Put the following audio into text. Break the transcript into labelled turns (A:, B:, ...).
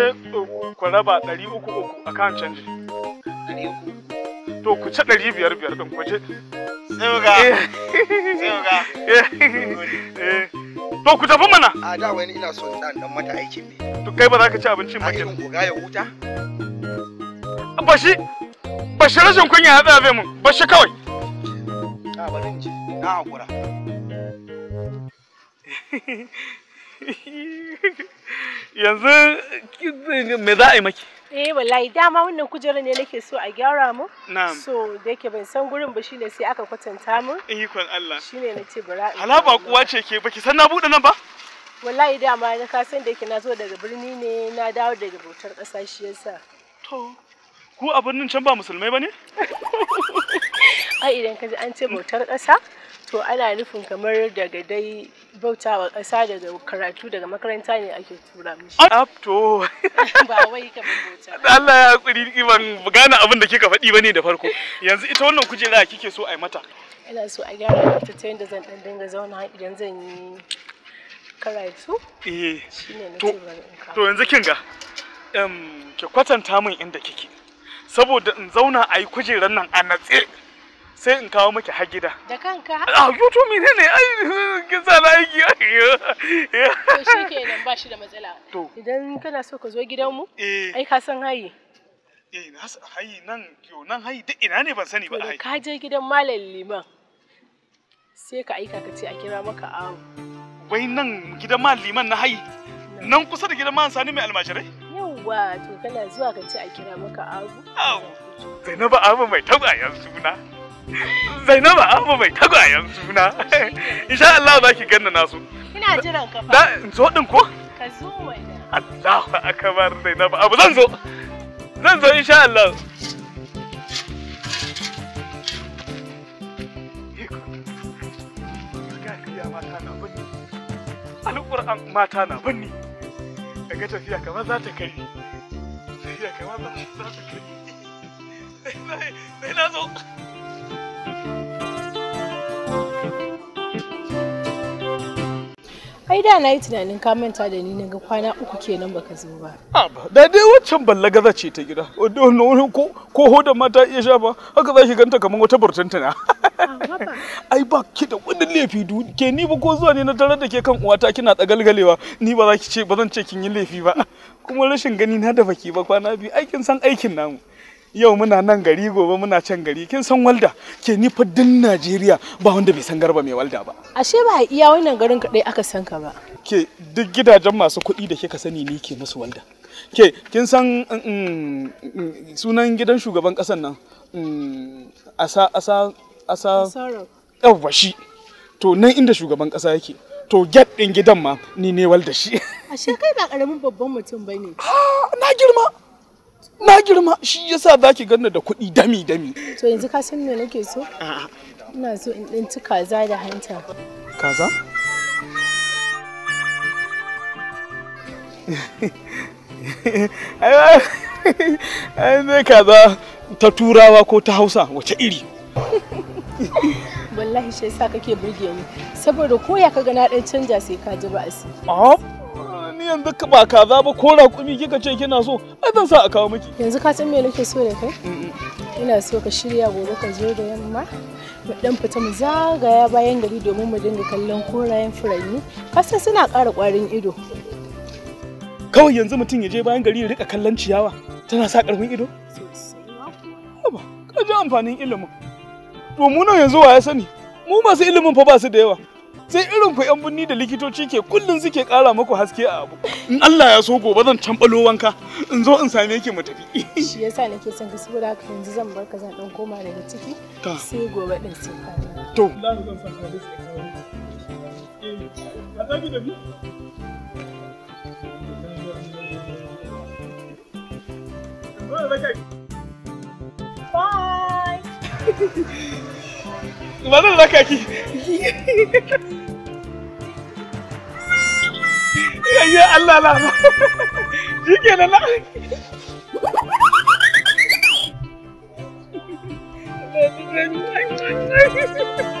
A: sai ku raba ɗari uku uku a kan canji. To ku ci ɗari biyar biyar ɗin ku ci. Tsoga. Tsoga. To ku tafi mana. A da wani ina so in dan mata aikin ne. To kai ba za ka ci abinci ba kenan. Aikin ya huta. Ba shi ba shi rashin kunya ya tsafe mu. ba shi kawai. A bari ji. na hakura. yanzu me za a yi maki
B: eh wallahi dama wannan kujerar ne nake so a gyara mu na'am so da yake ban san gurin ba shine sai aka kwatanta mu
A: ikon Allah shine nace bara hala ba kuwa ce ke baki san na bude nan ba
B: wallahi dama na ka san da yake na zo daga birni ne na dawo daga bautar ƙasa shi yasa to
A: ku a birnin can ba musulmai bane ai idan ka ji an ce bautar
B: ƙasa to ana nufin kamar daga dai bauta wa ƙasa daga karatu daga makaranta ne ake tura mishi
A: up to ba wai kamar bauta Allah ya kuri ban gane abin da kika faɗi bane da farko yanzu ita wannan kujera kike so a yi mata
B: ina so a gyara ta ta yadda zan dan dinga zauna idan zan yi karatu
A: eh to to yanzu kin ga ki kwatanta min inda kike saboda in zauna a yi kujerar nan a natse sai in kawo miki har gida da
B: kanka a ah,
A: mene ne ai kin sa na aiki to nan ba shi da matsala to
B: idan kana so ka zo gidanmu eh. ai ka san hayi
A: eh na hayi nan yo nan hayi duk ina ne ban sani ba hayi ka
B: je gidan malam liman sai ka aika ka ce a kira maka a.
A: wai nan gidan malam liman na hayi nan kusa da gidan malam sani mai almajirai
B: yawwa to kana zuwa ka ce a kira maka a.
A: awo zainabu abu mai yanzu suna Zainabu Abu mai yanzu suna. Insha Allah za ki ganna nasu.
B: Ina jiran ka fa. Da in zo din ko? Ka
A: zo wani. Allahu akbar Zainabu Abu zan zo. Zan zo insha Allah. Alƙur'an mata na binni. Daga tafiya kamar za ta kai. Tafiya kamar za ta kai. Dai na zo.
B: ai da na yi tunanin ka manta da ni naga kwana uku kenan baka zo ba
A: ah, da dai waccan ballagaza ce ta gida wanda wani ko ko hodan mata iya shafa haka zaki ganta kamar wata burtuntuna ah, ai ba ki da wani laifi ke ni ba ko zuwa ne na tarar da ke kan uwata kina tsagalgalewa ni ba za ki ce ba zan ce kin yi laifi ba kuma rashin gani na da baki ba kwana biyu aikin san aikin namu yau muna nan gari gobe muna can gari kin san walda ke ni fa din Najeriya ba wanda bai san garba mai walda ba
B: ashe ba iya wannan garin kadai aka san ka ba
A: ke duk gidajen masu kuɗi da kika sani ni ke musu walda ke kin san mm, mm, mm, sunan gidan shugaban ƙasar nan asa asa asa yawwa shi to nan inda shugaban ƙasa yake to get din gidan ma ni ne walda shi ashe kai ba karamin babban mutum bane ah,
B: na girma
A: na girma shi yasa zaki ganna da kuɗi dami dami
B: to yanzu ka san me nake so ina so in ɗinci kaza da hanta
A: kaza ai ne kaza ta turawa ko ta hausa wace iri
B: wallahi shi yasa kake burge ni saboda koya kaga na dan canja sai ka ji ba
A: asiri ni yanzu ba kaza ba ko raƙumi kika ce kina so ai zan sa a kawo miki yanzu ka san me nake
B: so da kai ina so ka shirya gobe ka zo da yamma mu dan fita mu zagaya bayan gari domin mu dinga kallon korayen furanni kasan suna ƙara ƙwarin ido
A: kawai yanzu mutum ya je bayan gari ya rika kallon ciyawa tana sa ƙarfin ido ka ji amfanin ilimin to mu nan yanzu wa ya sani mu masu ilimin fa ba su da yawa sai irin ku 'yan bunni da likitoci ke kullum suke kara maku haske a abu in Allah ya so gobe zan tambalo wanka in zo in same ki mu tafi
B: shi yasa nake son ka da haka yanzu zan barka zan dan koma daga ciki sai gobe din sai ka
A: to Allah zan san ka Bye. Eh, da Bye. Bye. Bye. Bye. Bye. yayye Allah na shi ke na Thank